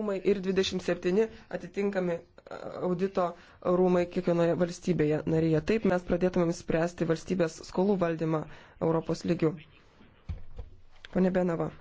rūmai ir 27 atitinkami audito rūmai kiekvienoje valstybėje narėje. Taip mes pradėtumėm spręsti valstybės skolų valdymą Europos lygių. Pone Benava.